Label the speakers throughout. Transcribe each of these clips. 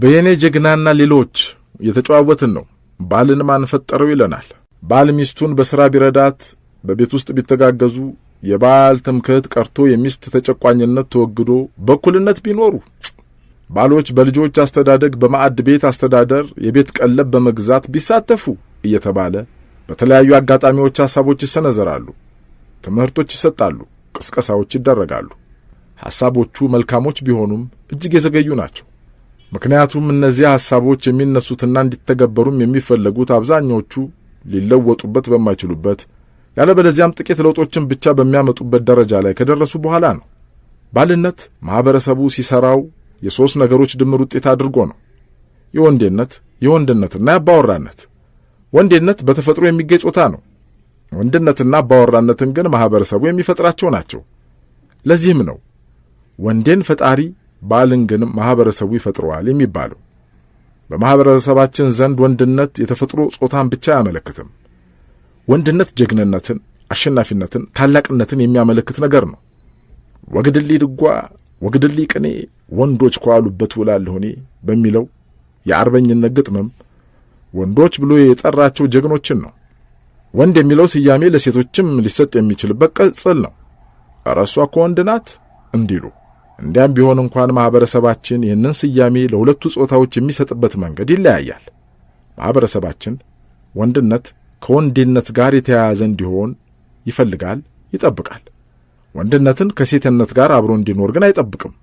Speaker 1: በየኔ ጀግናና ሌሎች የተጨዋወትን ነው። ባልን ማን ፈጠረው ይለናል። ባል ሚስቱን በሥራ ቢረዳት፣ በቤት ውስጥ ቢተጋገዙ፣ የባል ትምክህት ቀርቶ የሚስት ተጨቋኝነት ተወግዶ በእኩልነት ቢኖሩ፣ ባሎች በልጆች አስተዳደግ፣ በማዕድ ቤት አስተዳደር፣ የቤት ቀለብ በመግዛት ቢሳተፉ እየተባለ በተለያዩ አጋጣሚዎች ሐሳቦች ይሰነዘራሉ፣ ትምህርቶች ይሰጣሉ፣ ቅስቀሳዎች ይደረጋሉ። ሐሳቦቹ መልካሞች ቢሆኑም እጅግ የዘገዩ ናቸው። ምክንያቱም እነዚያ ሐሳቦች የሚነሱትና እንዲተገበሩም የሚፈለጉት አብዛኛዎቹ ሊለወጡበት በማይችሉበት ያለበለዚያም ጥቂት ለውጦችን ብቻ በሚያመጡበት ደረጃ ላይ ከደረሱ በኋላ ነው። ባልነት ማኅበረሰቡ ሲሠራው የሦስት ነገሮች ድምር ውጤት አድርጎ ነው። የወንዴነት፣ የወንድነትና የአባወራነት። ወንዴነት በተፈጥሮ የሚገኝ ጾታ ነው። ወንድነትና አባወራነትን ግን ማኅበረሰቡ የሚፈጥራቸው ናቸው። ለዚህም ነው ወንዴን ፈጣሪ ባልን ግን ማህበረሰቡ ይፈጥረዋል የሚባለው። በማህበረሰባችን ዘንድ ወንድነት የተፈጥሮ ጾታን ብቻ አያመለክትም። ወንድነት ጀግንነትን፣ አሸናፊነትን፣ ታላቅነትን የሚያመለክት ነገር ነው። ወግድሊ ድጓ፣ ወግድሊ ቅኔ ወንዶች ከዋሉበት ውላለሁ እኔ በሚለው የአርበኝነት ግጥምም ወንዶች ብሎ የጠራቸው ጀግኖችን ነው። ወንድ የሚለው ስያሜ ለሴቶችም ሊሰጥ የሚችልበት ቅጽል ነው። እረሷ እኮ ወንድ ናት እንዲሉ እንዲያም ቢሆን እንኳን ማኅበረሰባችን ይህንን ስያሜ ለሁለቱ ጾታዎች የሚሰጥበት መንገድ ይለያያል። ማኅበረሰባችን ወንድነት ከወንዴነት ጋር የተያያዘ እንዲሆን ይፈልጋል፣ ይጠብቃል። ወንድነትን ከሴትነት ጋር አብሮ እንዲኖር ግን አይጠብቅም።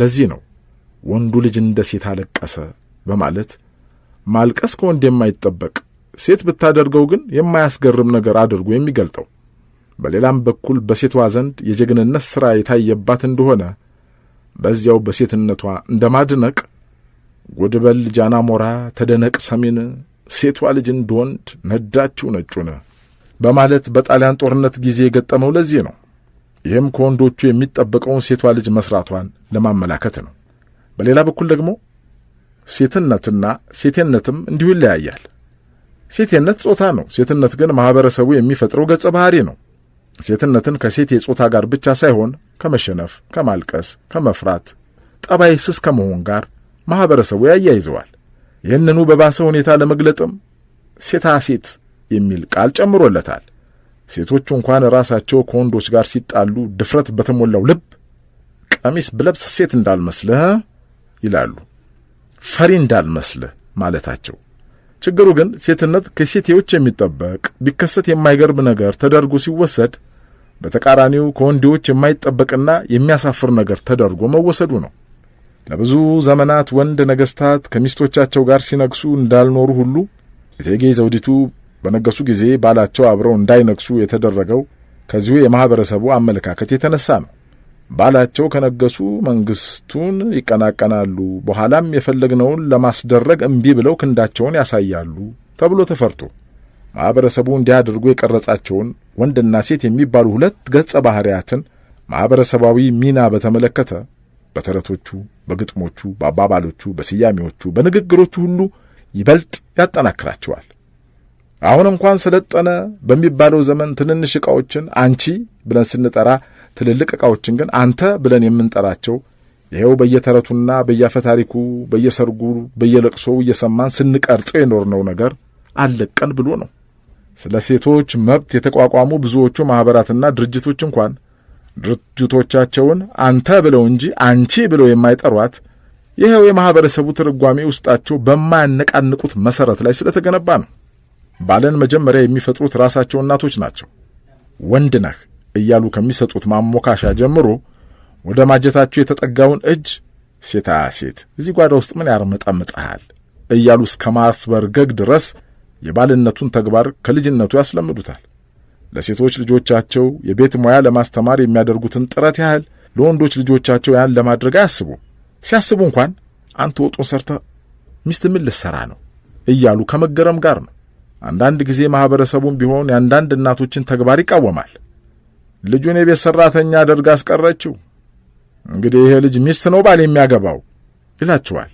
Speaker 1: ለዚህ ነው ወንዱ ልጅ እንደ ሴት አለቀሰ በማለት ማልቀስ ከወንድ የማይጠበቅ ሴት ብታደርገው ግን የማያስገርም ነገር አድርጎ የሚገልጠው በሌላም በኩል በሴቷ ዘንድ የጀግንነት ሥራ የታየባት እንደሆነ በዚያው በሴትነቷ እንደ ማድነቅ ጎድበል ጃናሞራ ተደነቅ ሰሜን ሴቷ ልጅ እንደወንድ ወንድ ነዳችው ነጩን በማለት በጣሊያን ጦርነት ጊዜ የገጠመው ለዚህ ነው። ይህም ከወንዶቹ የሚጠበቀውን ሴቷ ልጅ መስራቷን ለማመላከት ነው። በሌላ በኩል ደግሞ ሴትነትና ሴቴነትም እንዲሁ ይለያያል። ሴቴነት ጾታ ነው። ሴትነት ግን ማኅበረሰቡ የሚፈጥረው ገጸ ባህሪ ነው። ሴትነትን ከሴት የጾታ ጋር ብቻ ሳይሆን ከመሸነፍ፣ ከማልቀስ፣ ከመፍራት፣ ጠባይ ስስ ከመሆን ጋር ማኅበረሰቡ ያያይዘዋል። ይህንኑ በባሰ ሁኔታ ለመግለጥም ሴታ ሴት የሚል ቃል ጨምሮለታል። ሴቶቹ እንኳን ራሳቸው ከወንዶች ጋር ሲጣሉ ድፍረት በተሞላው ልብ ቀሚስ ብለብስ ሴት እንዳልመስልህ ይላሉ። ፈሪ እንዳልመስልህ ማለታቸው ችግሩ ግን ሴትነት ከሴቴዎች የሚጠበቅ ቢከሰት የማይገርም ነገር ተደርጎ ሲወሰድ በተቃራኒው ከወንዴዎች የማይጠበቅና የሚያሳፍር ነገር ተደርጎ መወሰዱ ነው። ለብዙ ዘመናት ወንድ ነገሥታት ከሚስቶቻቸው ጋር ሲነግሱ እንዳልኖሩ ሁሉ እቴጌ ዘውዲቱ በነገሱ ጊዜ ባላቸው አብረው እንዳይነግሱ የተደረገው ከዚሁ የማኅበረሰቡ አመለካከት የተነሳ ነው። ባላቸው ከነገሱ መንግስቱን ይቀናቀናሉ፣ በኋላም የፈለግነውን ለማስደረግ እምቢ ብለው ክንዳቸውን ያሳያሉ ተብሎ ተፈርቶ ማኅበረሰቡ እንዲያደርጉ የቀረጻቸውን ወንድና ሴት የሚባሉ ሁለት ገጸ ባሕርያትን ማኅበረሰባዊ ሚና በተመለከተ በተረቶቹ፣ በግጥሞቹ፣ በአባባሎቹ፣ በስያሜዎቹ፣ በንግግሮቹ ሁሉ ይበልጥ ያጠናክራቸዋል። አሁን እንኳን ሰለጠነ በሚባለው ዘመን ትንንሽ ዕቃዎችን አንቺ ብለን ስንጠራ ትልልቅ ዕቃዎችን ግን አንተ ብለን የምንጠራቸው ይኸው በየተረቱና በየአፈታሪኩ በየሰርጉ በየለቅሶው እየሰማን ስንቀርጸው የኖርነው ነገር አለቀን ብሎ ነው። ስለ ሴቶች መብት የተቋቋሙ ብዙዎቹ ማኅበራትና ድርጅቶች እንኳን ድርጅቶቻቸውን አንተ ብለው እንጂ አንቺ ብለው የማይጠሯት ይኸው የማኅበረሰቡ ትርጓሜ ውስጣቸው በማያነቃንቁት መሠረት ላይ ስለተገነባ ነው። ባለን መጀመሪያ የሚፈጥሩት ራሳቸው እናቶች ናቸው። ወንድ ነህ እያሉ ከሚሰጡት ማሞካሻ ጀምሮ ወደ ማጀታቸው የተጠጋውን እጅ ሴታ ሴት እዚህ ጓዳ ውስጥ ምን ያርመጠምጥሃል እያሉ እስከ ማስበርገግ ድረስ የባልነቱን ተግባር ከልጅነቱ ያስለምዱታል። ለሴቶች ልጆቻቸው የቤት ሙያ ለማስተማር የሚያደርጉትን ጥረት ያህል ለወንዶች ልጆቻቸው ያን ለማድረግ አያስቡ። ሲያስቡ እንኳን አንተ ወጡን ሰርተ ሚስት ምን ልትሰራ ነው እያሉ ከመገረም ጋር ነው። አንዳንድ ጊዜ ማኅበረሰቡም ቢሆን የአንዳንድ እናቶችን ተግባር ይቃወማል። ልጁን የቤት ሠራተኛ አድርጋ አስቀረችው። እንግዲህ ይሄ ልጅ ሚስት ነው ባል የሚያገባው ይላችኋል።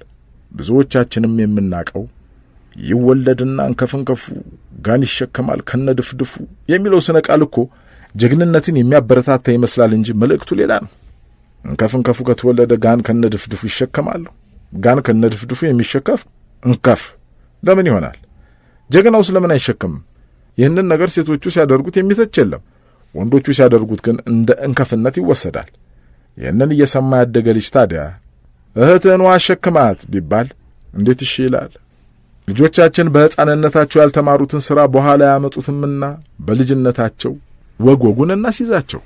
Speaker 1: ብዙዎቻችንም የምናቀው ይወለድና እንከፍንከፉ ጋን ይሸከማል ከነድፍድፉ የሚለው ስነ ቃል እኮ ጀግንነትን የሚያበረታታ ይመስላል እንጂ መልእክቱ ሌላ ነው። እንከፍንከፉ ከተወለደ ጋን ከነድፍድፉ ይሸከማሉ። ጋን ከነድፍድፉ የሚሸከፍ እንከፍ ለምን ይሆናል? ጀግናው ስለምን አይሸከምም? ይህንን ነገር ሴቶቹ ሲያደርጉት የሚተች የለም። ወንዶቹ ሲያደርጉት ግን እንደ እንከፍነት ይወሰዳል። ይህንን እየሰማ ያደገ ልጅ ታዲያ እህትህን አሸክማት ቢባል እንዴት እሺ ይላል? ልጆቻችን በሕፃንነታቸው ያልተማሩትን ሥራ በኋላ ያመጡትምና በልጅነታቸው ወግ ወጉን እናስይዛቸው።